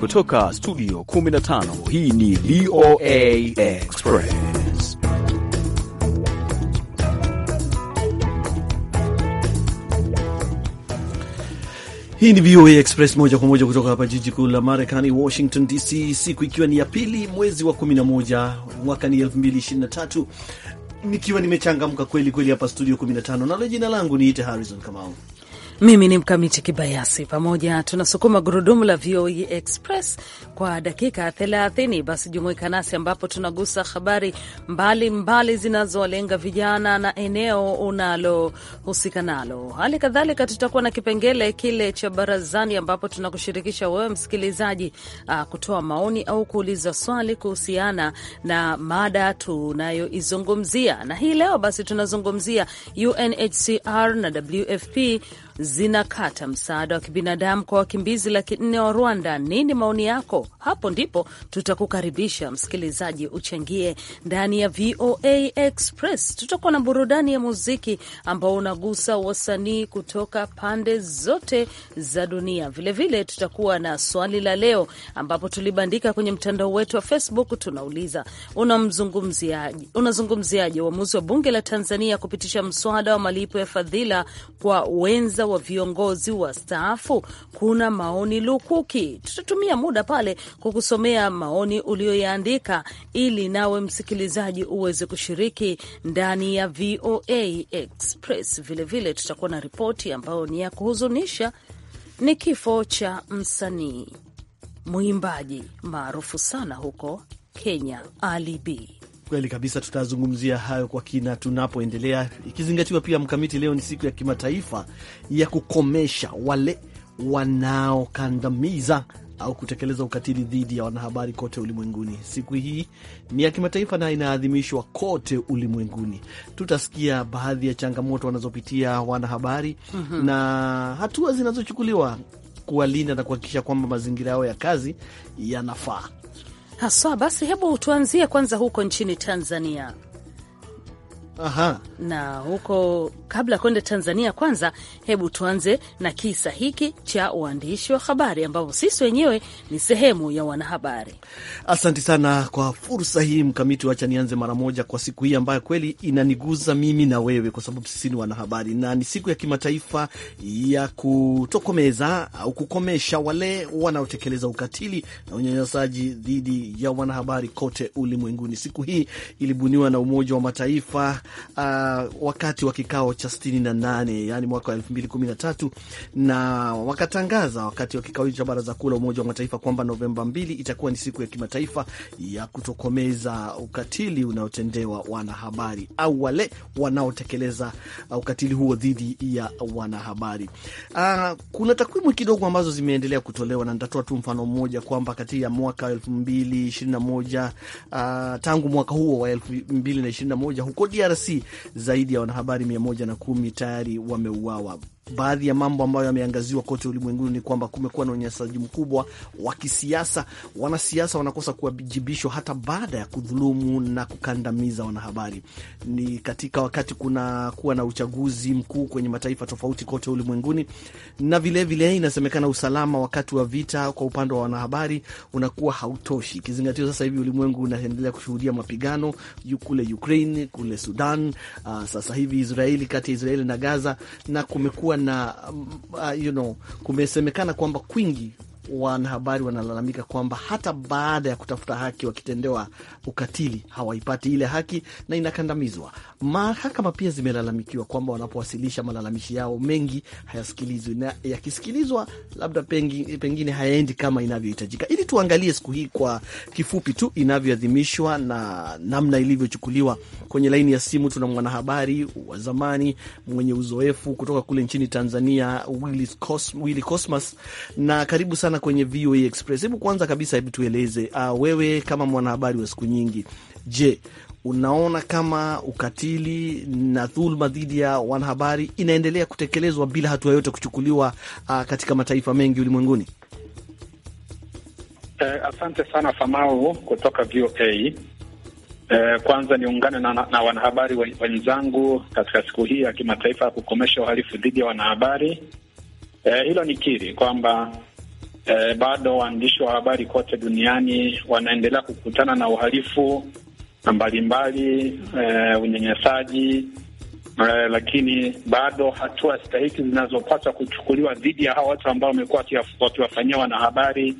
Kutoka studio 15 hii ni VOA Express. Hii ni VOA Express moja kwa moja kutoka hapa jiji kuu la Marekani, Washington DC, siku ikiwa ni ya pili mwezi wa 11 mwaka ni 2023 nikiwa nimechangamka kweli kweli hapa studio 15, nalo jina langu niite Harrison Kamau. Mimi ni Mkamiti Kibayasi, pamoja tunasukuma gurudumu la voe Express kwa dakika 30. Basi jumuika nasi ambapo tunagusa habari mbalimbali zinazowalenga vijana na eneo unalohusika nalo. Hali kadhalika tutakuwa na kipengele kile cha barazani, ambapo tunakushirikisha wewe msikilizaji ah, kutoa maoni au kuuliza swali kuhusiana na mada tunayoizungumzia. Na hii leo basi tunazungumzia UNHCR na WFP zinakata msaada wa kibinadamu kwa wakimbizi laki nne wa Rwanda. Nini maoni yako? Hapo ndipo tutakukaribisha msikilizaji, uchangie ndani ya VOA Express. Tutakuwa na burudani ya muziki ambao unagusa wasanii kutoka pande zote za dunia. Vilevile vile tutakuwa na swali la leo, ambapo tulibandika kwenye mtandao wetu wa Facebook. Tunauliza, unamzungumziaje, unazungumziaje uamuzi wa bunge la Tanzania kupitisha mswada wa malipo ya fadhila kwa wenza wa viongozi wastaafu? Kuna maoni lukuki. Tutatumia muda pale kukusomea maoni uliyoyaandika ili nawe msikilizaji uweze kushiriki ndani ya VOA Express. Vilevile tutakuwa na ripoti ambayo ni ya kuhuzunisha, ni kifo cha msanii mwimbaji maarufu sana huko Kenya, Ali B. Kweli kabisa, tutazungumzia hayo kwa kina tunapoendelea, ikizingatiwa pia mkamiti, leo ni siku ya kimataifa ya kukomesha wale wanaokandamiza au kutekeleza ukatili dhidi ya wanahabari kote ulimwenguni. Siku hii ni ya kimataifa na inaadhimishwa kote ulimwenguni. Tutasikia baadhi ya changamoto wanazopitia wanahabari mm -hmm. na hatua zinazochukuliwa kuwalinda na kuhakikisha kwamba mazingira yao ya kazi yanafaa haswa. Basi hebu tuanzie kwanza huko nchini Tanzania. Aha. Na huko kabla ya kwenda Tanzania, kwanza hebu tuanze na kisa hiki cha uandishi wa habari ambapo sisi wenyewe ni sehemu ya wanahabari. Asante sana kwa fursa hii Mkamiti, wacha nianze mara moja kwa siku hii ambayo kweli inaniguza mimi na wewe, kwa sababu sisi ni wanahabari na ni siku ya kimataifa ya kutokomeza au kukomesha wale wanaotekeleza ukatili na unyanyasaji dhidi ya wanahabari kote ulimwenguni. Siku hii ilibuniwa na Umoja wa Mataifa uh, wakati wa kikao cha 68 yani mwaka wa 2013 na wakatangaza wakati wa kikao hicho cha Baraza Kuu la Umoja wa Mataifa kwamba Novemba 2 itakuwa ni siku ya kimataifa ya kutokomeza ukatili unaotendewa wanahabari au wale wanaotekeleza ukatili huo dhidi ya wanahabari. Uh, kuna takwimu kidogo ambazo zimeendelea kutolewa na nitatoa tu mfano mmoja kwamba kati ya mwaka 2021 uh, tangu mwaka huo wa 2021 huko DRC DRC. Zaidi ya wanahabari 110 tayari wameuawa baadhi ya mambo ambayo yameangaziwa kote ulimwenguni ni kwamba kumekuwa na unyanyasaji mkubwa wa kisiasa. Wanasiasa wanakosa kuwajibishwa hata baada ya kudhulumu na kukandamiza wanahabari. Ni katika wakati kuna kuwa na uchaguzi mkuu kwenye mataifa tofauti kote ulimwenguni, na vilevile inasemekana usalama wakati wa vita kwa upande wa wanahabari unakuwa hautoshi, ikizingatiwa sasa hivi ulimwengu unaendelea kushuhudia mapigano kule Ukraine, kule Sudan, uh, sasa hivi Israeli, kati ya Israeli na Gaza, na kumekuwa kumekuwa na uh, you know, kumesemekana kwamba kwingi wanahabari wanalalamika kwamba hata baada ya kutafuta haki wakitendewa ukatili hawaipati ile haki na inakandamizwa. Mahakama pia zimelalamikiwa kwamba wanapowasilisha malalamishi yao mengi hayasikilizwi, na yakisikilizwa labda pengine, pengine hayaendi kama inavyohitajika. Ili tuangalie siku hii kwa kifupi tu inavyoadhimishwa na namna ilivyochukuliwa, kwenye laini ya simu tuna mwanahabari wa zamani mwenye uzoefu kutoka kule nchini Tanzania, Willy Cosmas, na karibu sana sana kwenye VOA Express. Hebu kwanza kabisa, hebu tueleze uh, wewe kama mwanahabari wa siku nyingi, je, unaona kama ukatili na dhuluma dhidi ya wanahabari inaendelea kutekelezwa bila hatua yoyote kuchukuliwa uh, katika mataifa mengi ulimwenguni? Eh, asante sana Famau kutoka VOA. Eh, kwanza niungane na, na wanahabari wenzangu katika siku hii ya kimataifa ya kukomesha uhalifu dhidi ya wanahabari. Eh, hilo kiri kwamba eh, bado waandishi wa habari kote duniani wanaendelea kukutana na uhalifu mbalimbali, eh, unyanyasaji eh, lakini bado hatua stahiki zinazopaswa kuchukuliwa dhidi ya hawa watu ambao wamekuwa wakiwafanyia wanahabari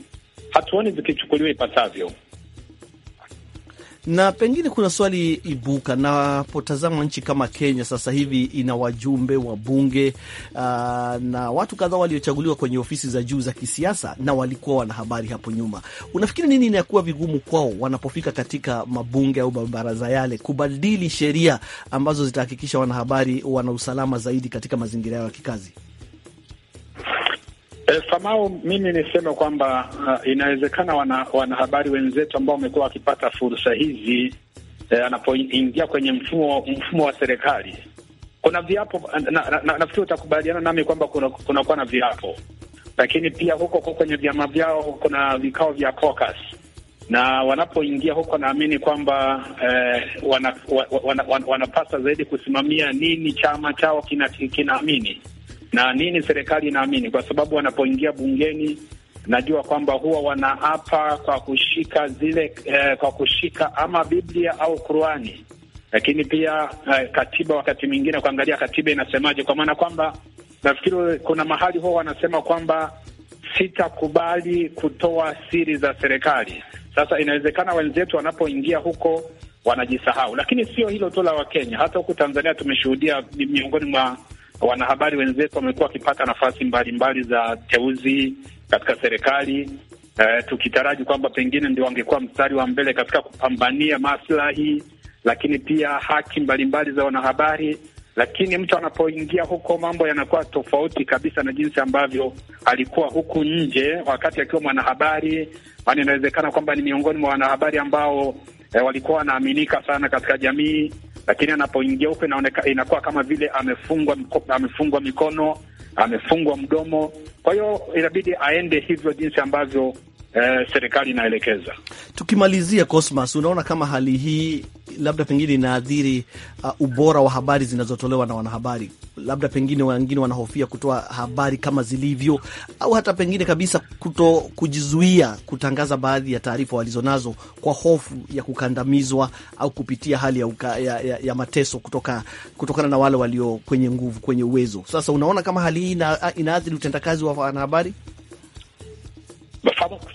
hatuoni zikichukuliwa ipasavyo na pengine kuna swali ibuka, napotazama nchi kama Kenya sasa hivi ina wajumbe wa bunge uh, na watu kadhaa waliochaguliwa kwenye ofisi za juu za kisiasa na walikuwa wanahabari hapo nyuma. Unafikiri nini inakuwa vigumu kwao wanapofika katika mabunge au mabaraza yale kubadili sheria ambazo zitahakikisha wanahabari wana usalama zaidi katika mazingira yao ya kikazi? E, Famau, mimi niseme kwamba uh, inawezekana wana, wanahabari wenzetu ambao wamekuwa wakipata fursa hizi e, anapoingia kwenye mfumo mfumo wa serikali kuna viapo na, na, na, nafikiri utakubaliana nami kwamba kunakuwa kuna, kuna na viapo, lakini pia huko huko kwenye vyama vyao kuna vikao vya caucus, na wanapoingia huko naamini kwamba eh, wanapasa wana, wana, wana zaidi kusimamia nini chama chao kinaamini kina na nini serikali inaamini, kwa sababu wanapoingia bungeni najua kwamba huwa wanaapa kwa kushika zile eh, kwa kushika ama Biblia au Qurani, lakini pia eh, katiba wakati mwingine kuangalia katiba inasemaje, kwa maana kwamba nafikiri kuna mahali huwa wanasema kwamba sitakubali kutoa siri za serikali. Sasa inawezekana wenzetu wanapoingia huko wanajisahau, lakini sio hilo tu la Wakenya, hata huku Tanzania tumeshuhudia miongoni mwa wanahabari wenzetu wamekuwa wakipata nafasi mbalimbali za teuzi katika serikali eh, tukitaraji kwamba pengine ndio wangekuwa mstari wa mbele katika kupambania maslahi, lakini pia haki mbalimbali mbali za wanahabari. Lakini mtu anapoingia huko, mambo yanakuwa tofauti kabisa na jinsi ambavyo alikuwa huku nje wakati akiwa mwanahabari, maana inawezekana kwamba ni miongoni mwa wanahabari ambao eh, walikuwa wanaaminika sana katika jamii lakini anapoingia huko inakuwa kama vile amefungwa amefungwa mikono amefungwa mdomo. Kwa hiyo inabidi aende hivyo jinsi ambavyo eh, serikali inaelekeza. Tukimalizia Cosmas, unaona kama hali hii labda pengine inaathiri uh, ubora wa habari zinazotolewa na wanahabari, labda pengine wengine wanahofia kutoa habari kama zilivyo, au hata pengine kabisa kuto kujizuia kutangaza baadhi ya taarifa walizonazo kwa hofu ya kukandamizwa au kupitia hali ya, uka, ya, ya, ya mateso kutoka, kutokana na wale walio kwenye nguvu, kwenye uwezo. Sasa unaona kama hali hii ina, inaathiri utendakazi wa wanahabari?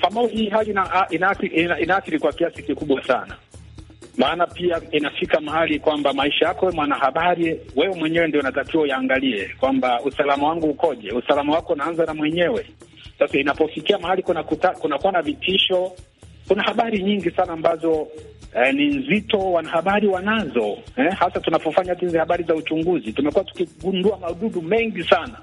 Famau hii hali inaathiri kwa kiasi kikubwa sana, maana pia inafika mahali kwamba maisha yako we mwanahabari, wewe mwenyewe ndio unatakiwa uyaangalie kwamba usalama wangu ukoje. Usalama wako unaanza na mwenyewe. Sasa inapofikia mahali kunakuwa kuna na vitisho, kuna habari nyingi sana ambazo eh, ni nzito, wanahabari wanazo eh, hasa tunapofanya hizi habari za uchunguzi tumekuwa tukigundua madudu mengi sana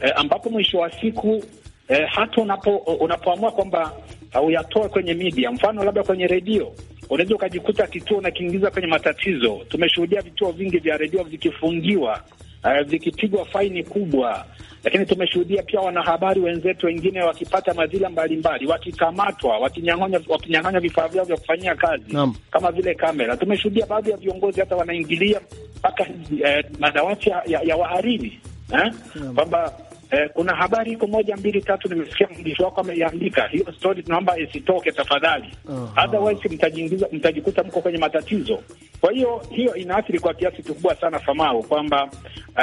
eh, ambapo mwisho wa siku eh, hata unapo unapoamua kwamba hauyatoa kwenye media, mfano labda kwenye redio, unaweza ukajikuta kituo unakiingiza kwenye matatizo. Tumeshuhudia vituo vingi vya redio vikifungiwa, uh, vikipigwa faini kubwa, lakini tumeshuhudia pia wanahabari wenzetu wengine wakipata madhila mbalimbali, wakikamatwa, wakinyang'anywa vifaa vyao vya kufanyia kazi Nam. kama vile kamera. Tumeshuhudia baadhi ya viongozi hata wanaingilia mpaka eh, madawati ya, ya, ya wahariri eh? kwamba Eh, kuna habari iko moja mbili tatu, nimesikia mwandishi wako ameiandika hiyo story, tunaomba isitoke tafadhali. uh -huh. Otherwise mtajiingiza, mtajikuta mko kwenye matatizo. Kwa hiyo hiyo inaathiri kwa kiasi kikubwa sana famao kwamba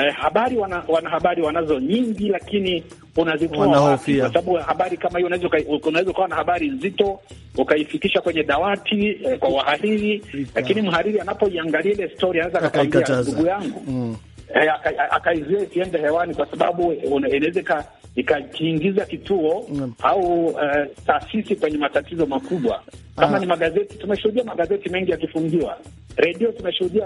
eh, habari wana, wana habari wanazo nyingi, lakini unazitoa kwa sababu habari kama hiyo unaweza unaweza kuwa na habari nzito ukaifikisha kwenye dawati eh, kwa wahariri, lakini mhariri anapoiangalia ile story anaweza akakwambia ndugu yangu mm eh, akaizuia hewani, kwa sababu eh, inaweza ikakiingiza kituo mm, au uh, taasisi kwenye matatizo makubwa kama ah, ni magazeti. Tumeshuhudia magazeti mengi yakifungiwa redio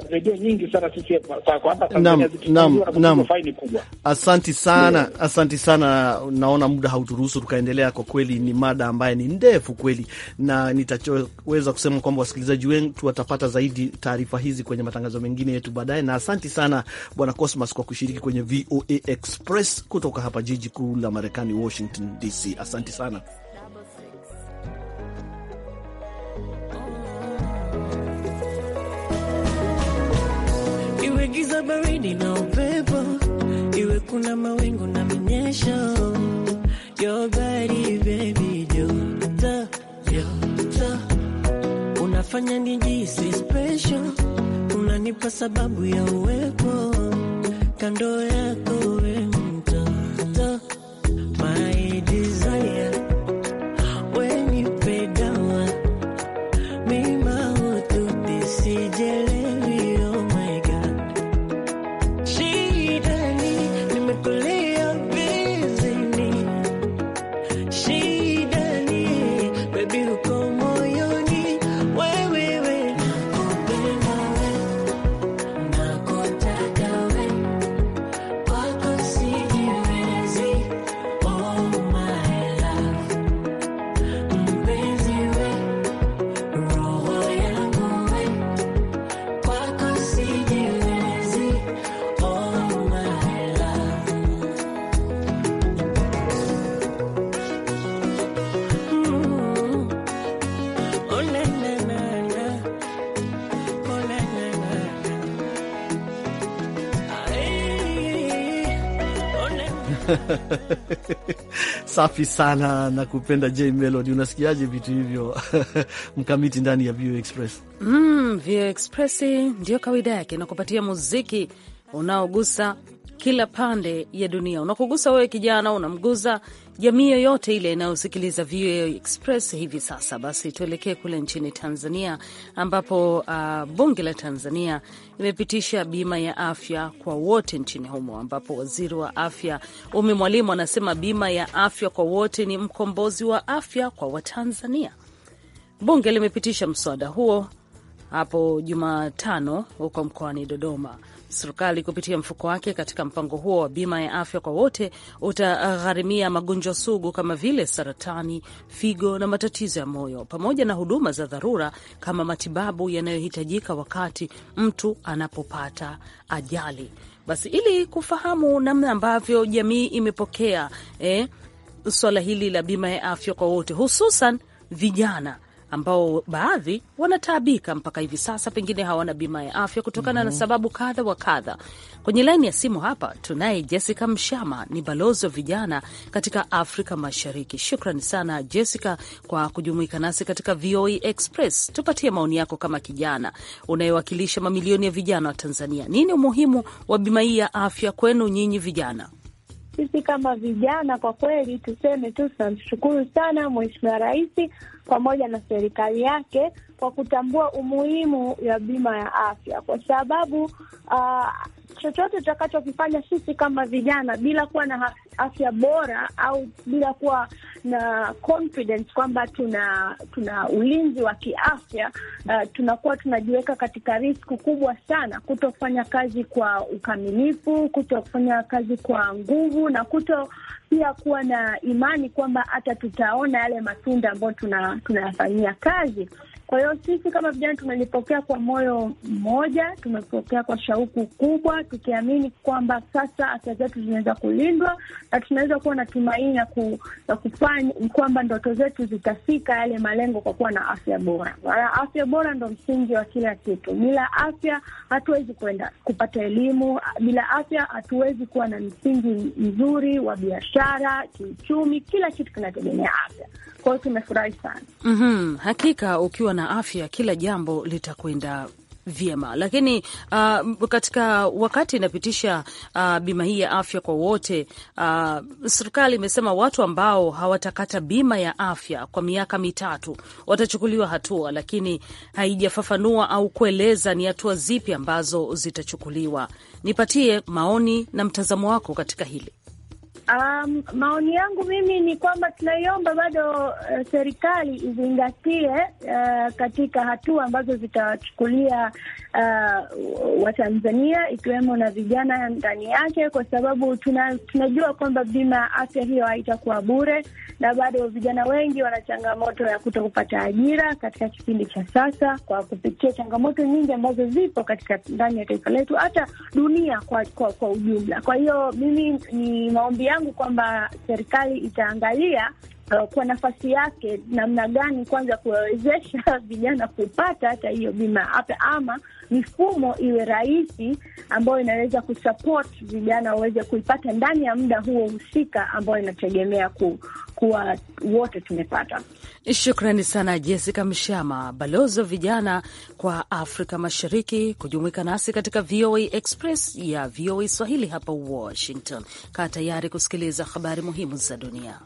redio nyingi sana sisi kwa Tanzania zikiwa faini kubwa. Asanti sana yeah. Asanti sana, naona muda hauturuhusu tukaendelea. Kwa kweli ni mada ambaye ni ndefu kweli, na nitachoweza kusema kwamba wasikilizaji wetu watapata zaidi taarifa hizi kwenye matangazo mengine yetu baadaye. Na asanti sana Bwana Cosmas kwa kushiriki kwenye VOA Express kutoka hapa jiji kuu la Marekani, Washington DC. Asanti sana. iwe giza baridi na upepo, iwe kuna mawingu na minyesho, your body baby joto joto, unafanya nijisi special, unanipa sababu ya uwepo kando yako wewe Safi sana na kupenda J Melody. Unasikiaje vitu hivyo mkamiti ndani ya Vio Express? Mm, Vio Express ndiyo kawaida yake, kupatia muziki unaogusa kila pande ya dunia, unakugusa wewe kijana, unamgusa jamii yoyote ile inayosikiliza VOA Express hivi sasa. Basi tuelekee kule nchini Tanzania ambapo uh, bunge la Tanzania imepitisha bima ya afya kwa wote nchini humo, ambapo waziri wa afya Umi Mwalimu anasema bima ya afya kwa wote ni mkombozi wa afya kwa Watanzania. Bunge limepitisha mswada huo hapo Jumatano huko mkoani Dodoma serikali kupitia mfuko wake katika mpango huo wa bima ya afya kwa wote utagharimia magonjwa sugu kama vile saratani, figo na matatizo ya moyo, pamoja na huduma za dharura kama matibabu yanayohitajika wakati mtu anapopata ajali. Basi ili kufahamu namna ambavyo jamii imepokea eh, swala hili la bima ya afya kwa wote, hususan vijana ambao baadhi wanataabika mpaka hivi sasa, pengine hawana bima ya afya kutokana mm -hmm. na mhm. sababu kadha wa kadha. Kwenye laini ya simu hapa tunaye Jessica Mshama, ni balozi wa vijana katika Afrika Mashariki. Shukrani sana Jessica kwa kujumuika nasi katika VOA e Express. Tupatie maoni yako kama kijana unayewakilisha mamilioni ya vijana wa Tanzania. Nini umuhimu wa bima hii ya afya kwenu nyinyi vijana? sisi kama vijana kwa kweli tuseme tu tunamshukuru sana Mheshimiwa Rais pamoja na serikali yake kwa kutambua umuhimu ya bima ya afya, kwa sababu uh, chochote tutakachokifanya sisi kama vijana bila kuwa na afya bora au bila kuwa na confidence kwamba tuna tuna ulinzi wa kiafya uh, tunakuwa tunajiweka katika riski kubwa sana, kuto kazi kwa ukamilifu, kuto kazi kwa nguvu, na kuto pia kuwa na imani kwamba hata tutaona yale matunda ambayo tunayafanyia tuna kazi. Kwa hiyo sisi kama vijana tumelipokea kwa moyo mmoja, tumepokea kwa shauku kubwa, tukiamini kwamba sasa afya zetu zinaweza kulindwa na tunaweza kuwa na tumaini ya kufanya kwamba ndoto zetu zitafika yale malengo kwa kuwa na afya bora. Maana afya bora ndo msingi wa kila kitu. Bila afya hatuwezi kwenda kupata elimu, bila afya hatuwezi kuwa na msingi mzuri wa biashara, kiuchumi. Kila kitu kinategemea afya. Kwa hiyo tumefurahi sana. mm -hmm. Hakika ukiwa na afya kila jambo litakwenda vyema lakini, uh, katika wakati inapitisha uh, bima hii ya afya kwa wote uh, serikali imesema watu ambao hawatakata bima ya afya kwa miaka mitatu watachukuliwa hatua, lakini haijafafanua au kueleza ni hatua zipi ambazo zitachukuliwa. Nipatie maoni na mtazamo wako katika hili. Um, maoni yangu mimi ni kwamba tunaiomba bado uh, serikali izingatie uh, katika hatua ambazo zitawachukulia uh, Watanzania ikiwemo na vijana ndani yake, kwa sababu tuna, tunajua kwamba bima ya afya hiyo haitakuwa bure, na bado vijana wengi wana changamoto ya kuto kupata ajira katika kipindi cha sasa, kwa kupitia changamoto nyingi ambazo zipo katika ndani ya taifa letu, hata dunia kwa, kwa, kwa ujumla. Kwa hiyo mimi ni maombi yangu kwamba serikali itaangalia uh, kwa nafasi yake namna gani kwanza kuwawezesha vijana kupata hata hiyo bima ya afya, ama mifumo iwe rahisi ambayo inaweza kusupport vijana waweze kuipata ndani ya muda huo husika ambao inategemea ku, kuwa wote tumepata. Shukrani sana Jessica Mshama, balozi wa vijana kwa Afrika Mashariki, kujumuika nasi katika VOA Express ya VOA Swahili hapa Washington. Kaa tayari kusikiliza habari muhimu za dunia.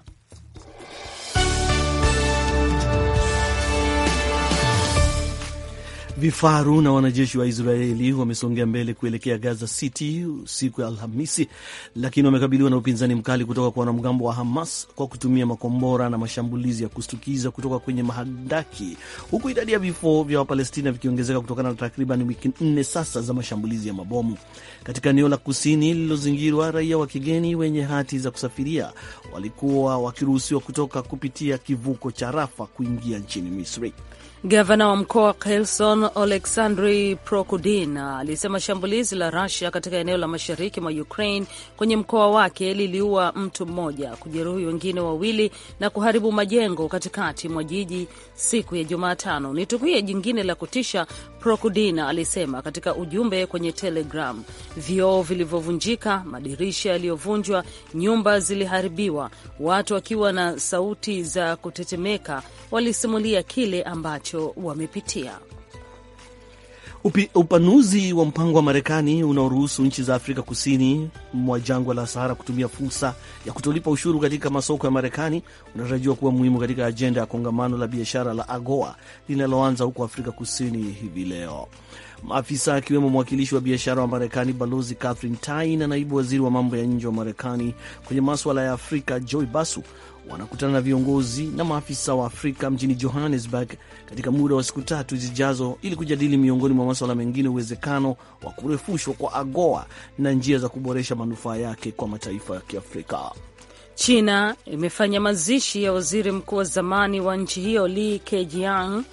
Vifaru na wanajeshi wa Israeli wamesongea mbele kuelekea Gaza City siku ya Alhamisi, lakini wamekabiliwa na upinzani mkali kutoka kwa wanamgambo wa Hamas kwa kutumia makombora na mashambulizi ya kustukiza kutoka kwenye mahandaki, huku idadi ya vifo vya Wapalestina vikiongezeka kutokana na takriban wiki nne sasa za mashambulizi ya mabomu katika eneo la kusini lililozingirwa. Raia wa kigeni wenye hati za kusafiria walikuwa wakiruhusiwa kutoka kupitia kivuko cha Rafa kuingia nchini Misri. Gavana wa mkoa wa Kherson Oleksandri Prokudin alisema shambulizi la Rusia katika eneo la mashariki mwa Ukraine kwenye mkoa wake liliua mtu mmoja, kujeruhi wengine wawili na kuharibu majengo katikati mwa jiji siku ya Jumatano. Ni tukio jingine la kutisha Prokudina alisema katika ujumbe kwenye Telegram, vioo vilivyovunjika, madirisha yaliyovunjwa, nyumba ziliharibiwa. Watu wakiwa na sauti za kutetemeka walisimulia kile ambacho wamepitia. Upi, upanuzi wa mpango wa Marekani unaoruhusu nchi za Afrika kusini mwa jangwa la Sahara kutumia fursa ya kutolipa ushuru katika masoko ya Marekani unatarajiwa kuwa muhimu katika ajenda ya kongamano la biashara la AGOA linaloanza huko Afrika kusini hivi leo. Maafisa akiwemo mwakilishi wa biashara wa Marekani Balozi Catherine Tai na naibu waziri wa mambo ya nje wa Marekani kwenye maswala ya Afrika Joy Basu wanakutana na viongozi na maafisa wa Afrika mjini Johannesburg katika muda wa siku tatu zijazo ili kujadili miongoni mwa maswala mengine uwezekano wa kurefushwa kwa AGOA na njia za kuboresha manufaa yake kwa mataifa ya Kiafrika. China imefanya mazishi ya waziri mkuu wa zamani wa nchi hiyo Li Keqiang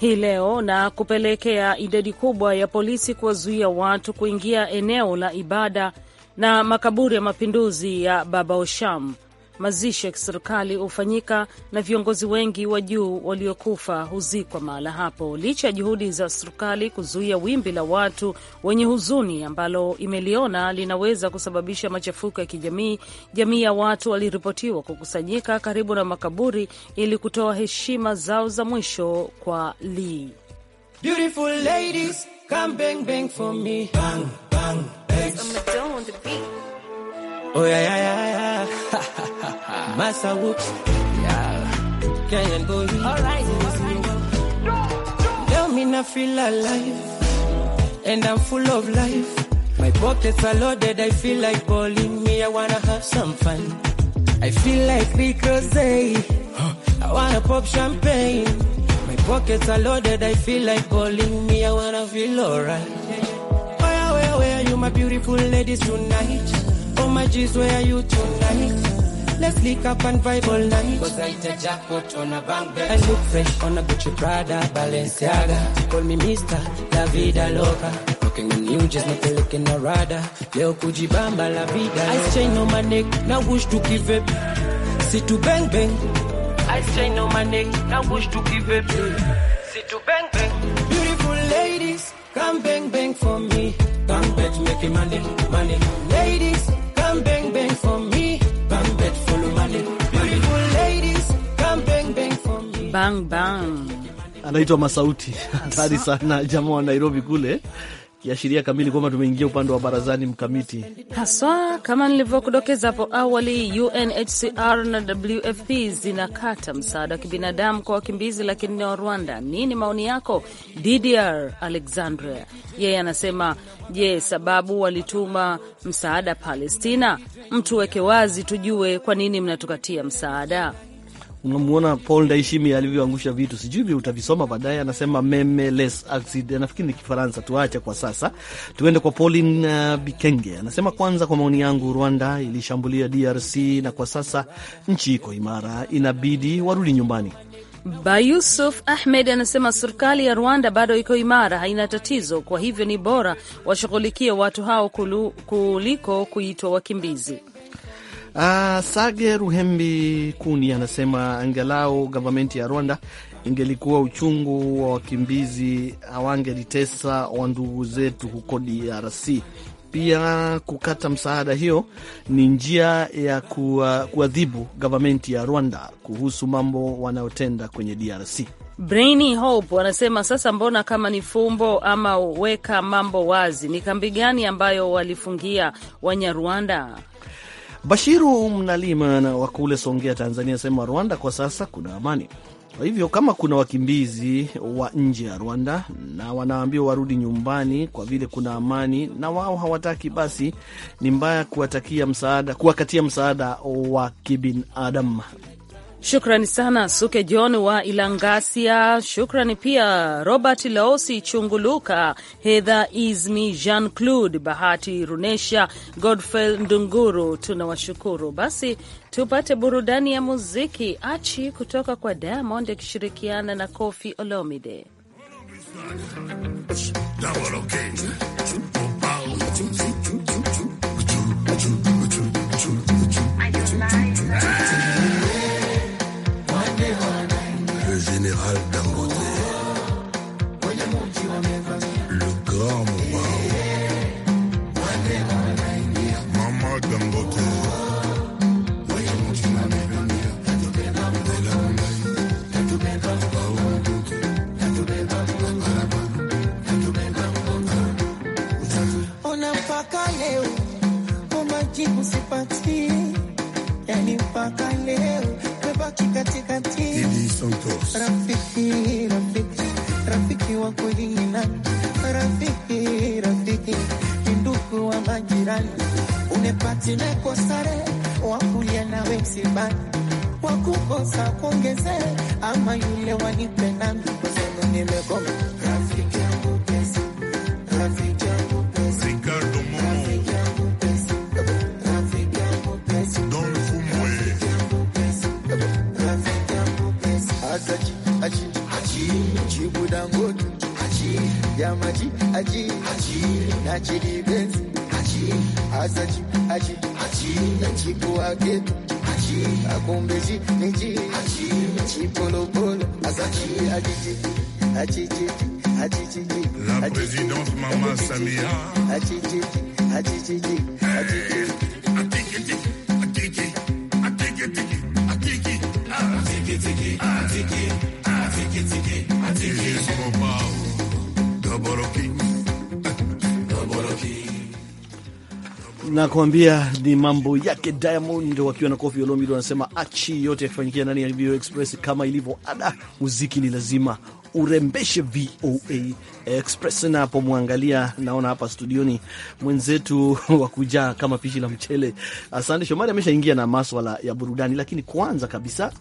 hii leo na kupelekea idadi kubwa ya polisi kuwazuia watu kuingia eneo la ibada na makaburi ya mapinduzi ya Baba mazishi ya kiserikali hufanyika na viongozi wengi wa juu waliokufa huzikwa mahala hapo. Licha ya juhudi za serikali kuzuia wimbi la watu wenye huzuni ambalo imeliona linaweza kusababisha machafuko ya kijamii, jamii ya watu waliripotiwa kukusanyika karibu na makaburi ili kutoa heshima zao za mwisho kwa Lee. Oh yeah, yeah, yeah, yeah, Massa whoops. Yeah. Can Kenyan go All right. Tell me I feel alive. And I'm full of life. My pockets are loaded. I feel like balling me. I wanna have some fun. I feel like big rosé. I wanna pop champagne. My pockets are loaded. I feel like balling me. I wanna feel alright. Oh yeah, where, where are you, my beautiful ladies tonight? so much is where you tonight. Let's link up and vibe all night. Cause I a jackpot on a bank bet. I look fresh on a Gucci Prada, Balenciaga. Call me Mister, La Vida Loca. Napeleke na rada leo kujibamba la vida. Ice chain on my neck, now wish to give up. Si tu bang bang. Ice chain on my neck, now wish to give up. Si tu bang bang. Beautiful ladies, come bang bang for me. Come bet, make money, money. Ladies, bang bang, anaitwa Masauti. Hatari sana jamaa wa Nairobi kule, kiashiria kamili kwamba tumeingia upande wa barazani mkamiti haswa. Kama nilivyokudokeza hapo awali, UNHCR na WFP zinakata msaada wa kibinadamu kwa wakimbizi lakini ni wa Rwanda. Nini maoni yako? ddr Alexandria yeye anasema je, sababu walituma msaada Palestina? mtu weke wazi tujue, kwa nini mnatukatia msaada. Unamwona Paul Ndaishimi alivyoangusha vitu, sijui vi utavisoma baadaye. Anasema meme les accident, nafikiri ni Kifaransa. Tuache kwa sasa, tuende kwa Paulin uh, Bikenge. Anasema kwanza, kwa maoni yangu, Rwanda ilishambulia DRC na kwa sasa nchi iko imara, inabidi warudi nyumbani. Bayusuf Ahmed anasema serikali ya Rwanda bado iko imara, haina tatizo. Kwa hivyo ni bora washughulikie watu hao kulu, kuliko kuitwa wakimbizi. Uh, Sage Ruhembi Kuni anasema angalau gavamenti ya Rwanda ingelikuwa uchungu wa wakimbizi, hawangelitesa wa ndugu zetu huko DRC. Pia kukata msaada hiyo ni njia ya kuadhibu gavamenti ya Rwanda kuhusu mambo wanayotenda kwenye DRC. Brainy Hope wanasema sasa, mbona kama ni fumbo ama weka mambo wazi, ni kambi gani ambayo walifungia Wanyarwanda? Bashiru Mnalima na wa kule Songea, Tanzania, asema Rwanda kwa sasa kuna amani. Kwa hivyo kama kuna wakimbizi wa nje ya Rwanda na wanaambiwa warudi nyumbani kwa vile kuna amani na wao hawataki, basi ni mbaya kuwatakia msaada, kuwakatia msaada wa kibinadamu. Shukrani sana Suke John wa Ilangasia. Shukrani pia Robert Laosi Chunguluka, Hedha Izmi, Jean Claude Bahati Runesha, Godfrey Ndunguru. Tunawashukuru. Basi tupate burudani ya muziki achi kutoka kwa Diamond akishirikiana na Kofi Olomide. majibu sipati, yani mpaka leo tumebaki katikati. Rafiki, rafiki, rafiki wa kujina, rafiki, rafiki ni ndugu wa majirani, unepatile kosare wakulia na wesibani wakukosa kuongeze ama yule wanipe nami kusema nimegoma nakuambia ni mambo yake Diamond wakiwa na kofi Olomide wanasema achi yote yakifanyikia ndani ya VOA Express. Kama ilivyo ada, muziki ni lazima urembeshe VOA Express. Napomwangalia naona hapa studioni mwenzetu wa kujaa kama pishi la mchele, Asante Shomari ameshaingia na maswala ya burudani, lakini kwanza kabisa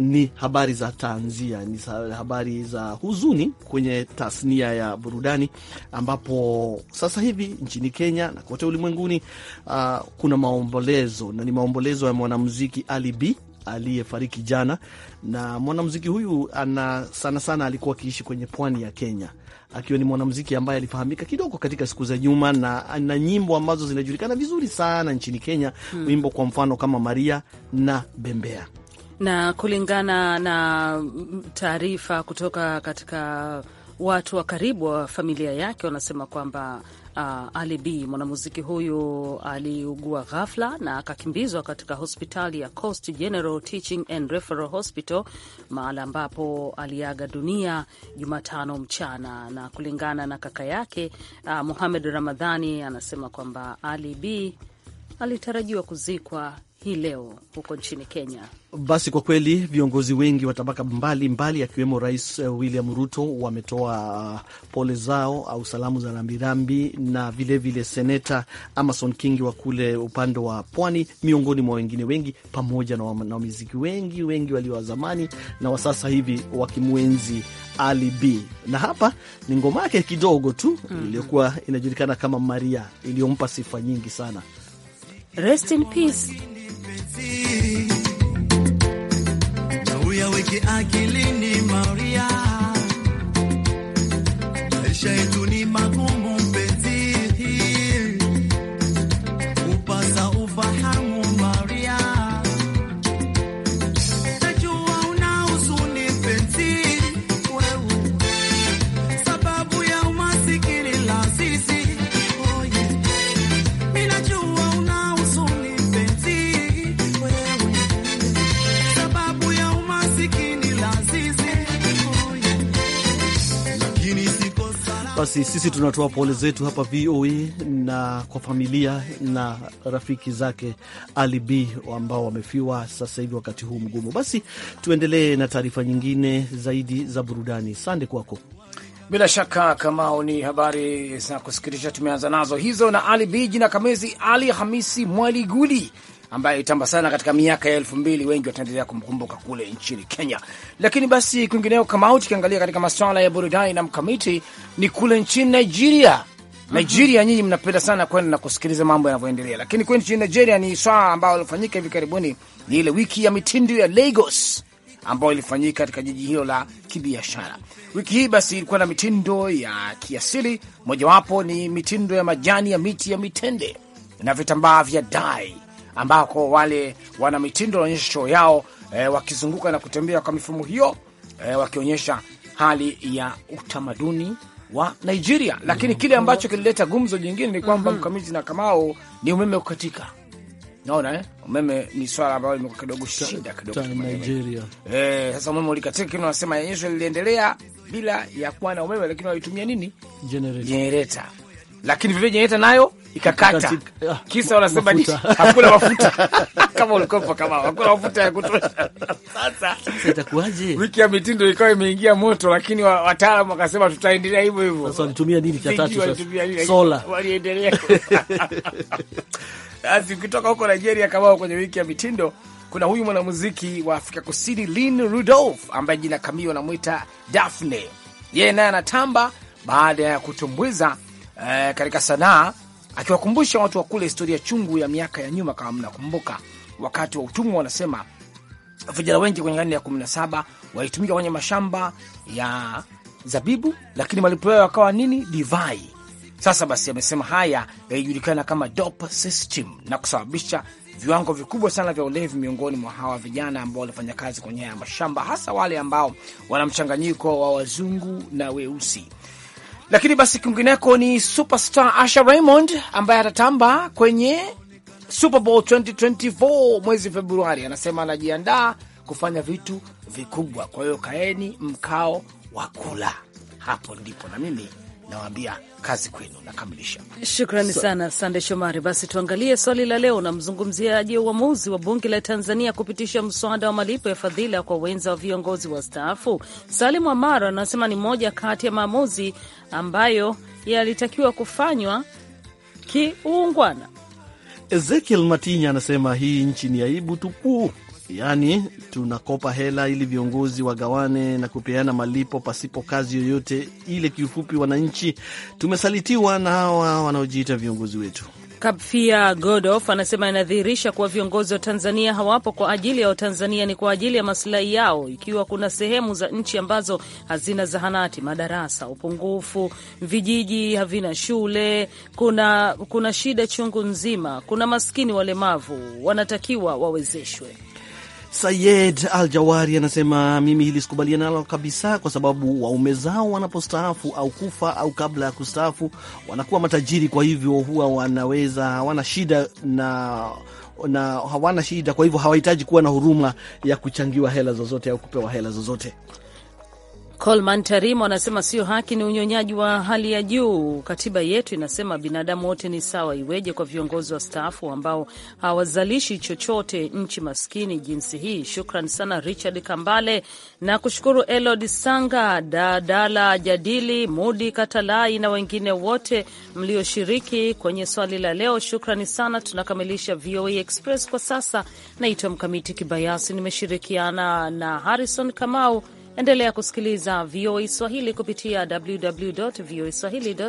ni habari za tanzia, ni habari za huzuni kwenye tasnia ya burudani, ambapo sasa hivi nchini Kenya na kote ulimwenguni uh, kuna maombolezo na ni maombolezo ya mwanamuziki Ali B aliyefariki jana. Na mwanamuziki huyu ana sana sana alikuwa akiishi kwenye pwani ya Kenya, akiwa ni mwanamuziki ambaye alifahamika kidogo katika siku za nyuma, na ana nyimbo ambazo zinajulikana vizuri sana nchini Kenya, hmm. wimbo hmm, kwa mfano kama Maria na Bembea. Na kulingana na taarifa kutoka katika watu wa karibu wa familia yake wanasema kwamba Uh, Ali B mwanamuziki huyu aliugua ghafla na akakimbizwa katika hospitali ya Coast General Teaching and Referral Hospital mahala ambapo aliaga dunia Jumatano mchana, na kulingana na kaka yake uh, Muhamed Ramadhani anasema kwamba Ali B alitarajiwa kuzikwa hii leo huko nchini Kenya. Basi kwa kweli viongozi wengi wa tabaka mbalimbali akiwemo Rais eh, William Ruto wametoa ah, pole zao au salamu za rambirambi, na vilevile vile seneta Amason Kingi wa kule upande wa pwani, miongoni mwa wengine wengi, pamoja na wanamuziki wengi wengi walio wa zamani na wa sasa hivi wakimwenzi Ali B. Na hapa ni ngoma yake kidogo tu mm -hmm. iliyokuwa inajulikana kama Maria iliyompa sifa nyingi sana Rest in peace. akili ni Maria, maisha yetu ni magumu. Basi sisi tunatoa pole zetu hapa VOA na kwa familia na rafiki zake Ali B ambao wamefiwa sasa hivi wakati huu mgumu. Basi tuendelee na taarifa nyingine zaidi za burudani. Sande kwako. Bila shaka Kamao, ni habari za kusikitisha tumeanza nazo hizo, na Ali B, jina kamezi Ali Hamisi Mwaliguli ambaye itamba sana katika miaka ya elfu mbili, wengi wataendelea kumkumbuka kule nchini Kenya. Lakini basi kwingineo, Kamau, tukiangalia katika maswala ya burudani na mkamiti ni kule nchini Nigeria. Mhm. Nigeria, nyinyi mnapenda sana kwenda na kusikiliza mambo yanavyoendelea, lakini kule nchini Nigeria ni swala ambayo ilifanyika hivi karibuni, ni ile wiki ya mitindo ya Lagos ambayo ilifanyika katika jiji hilo la kibiashara. Wiki hii basi ilikuwa na mitindo ya kiasili, mojawapo ni mitindo ya majani ya miti ya mitende na vitambaa vya dai ambako wale wana mitindo wanaonyesha show yao e, wakizunguka na kutembea kwa mifumo hiyo e, wakionyesha hali ya utamaduni wa Nigeria. Lakini kile ambacho kilileta gumzo jingine ni kwamba mm Mkamiti na Kamao ni umeme kukatika. Naona eh? Umeme ni swala ambalo limekuwa kidogo shida kidogo Nigeria. Eh, sasa umeme ulikatika, lakini wanasema yenyewe liliendelea bila ya kuwa na umeme, lakini walitumia nini? Generator. Generator. Lakini vile generator nayo ikakata ah, kisa wanasema ni hakuna mafuta kama ulikopa kama hakuna mafuta ya kutosha. Sasa itakuwaje? Wiki ya mitindo ikawa imeingia moto, lakini wataalamu wakasema tutaendelea hivyo hivyo. Sasa walitumia nini cha tatu? Sasa sola waliendelea basi. Ukitoka huko Nigeria kama kwenye wiki ya mitindo, kuna huyu mwanamuziki wa Afrika Kusini ambaye jina kamili wanamwita Daphne. Yeye naye anatamba baada ya kutumbuiza eh, katika sanaa akiwakumbusha watu wa kule historia chungu ya miaka ya nyuma. Kama mnakumbuka, wakati wa utumwa, wanasema vijana wengi kwenye karne ya 17 walitumika kwenye mashamba ya zabibu, lakini malipo yao yakawa nini? Divai. Sasa basi, amesema haya yalijulikana kama dope system na kusababisha viwango vikubwa sana vya ulevi miongoni mwa hawa vijana ambao walifanya kazi kwenye haya mashamba, hasa wale ambao wana mchanganyiko wa wazungu na weusi. Lakini basi kwingineko ni superstar Asha Raymond ambaye atatamba kwenye Super Bowl 2024 mwezi Februari. Anasema anajiandaa kufanya vitu vikubwa, kwa hiyo kaeni mkao wa kula. Hapo ndipo na mimi nawaambia kazi kwenu, nakamilisha. Shukrani so sana, Sande Shomari. Basi tuangalie swali la leo. Namzungumziaje uamuzi wa bunge la Tanzania kupitisha mswada wa malipo ya fadhila kwa wenza wa viongozi wastaafu? salimu Amaro anasema ni moja kati ya maamuzi ambayo yalitakiwa kufanywa kiungwana. Ezekiel Matinya anasema hii nchi ni aibu tupu yaani tunakopa hela ili viongozi wagawane na kupeana malipo pasipo kazi yoyote ile. Kiufupi, wananchi tumesalitiwa na hawa wanaojiita viongozi wetu. Kapfia Godof anasema inadhihirisha kuwa viongozi wa Tanzania hawapo kwa ajili ya Watanzania, ni kwa ajili ya masilahi yao. Ikiwa kuna sehemu za nchi ambazo hazina zahanati, madarasa upungufu, vijiji havina shule, kuna, kuna shida chungu nzima, kuna maskini, walemavu wanatakiwa wawezeshwe. Sayed Al Jawari anasema mimi hili sikubaliana nalo kabisa, kwa sababu waume zao wanapostaafu au kufa au kabla ya kustaafu wanakuwa matajiri, kwa hivyo huwa wanaweza hawana shida na na hawana shida, kwa hivyo hawahitaji kuwa na huruma ya kuchangiwa hela zozote au kupewa hela zozote colman Tarimo anasema sio haki, ni unyonyaji wa hali ya juu. Katiba yetu inasema binadamu wote ni sawa, iweje kwa viongozi wa staafu ambao hawazalishi chochote nchi maskini jinsi hii? Shukran sana Richard Kambale na kushukuru Elod Sanga, Dadala Jadili, Mudi Katalai na wengine wote mlioshiriki kwenye swali la leo. Shukrani sana. Tunakamilisha VOA Express kwa sasa. Naitwa Mkamiti Kibayasi, nimeshirikiana na Harrison Kamau. Endelea kusikiliza VOA Swahili kupitia www voa swahili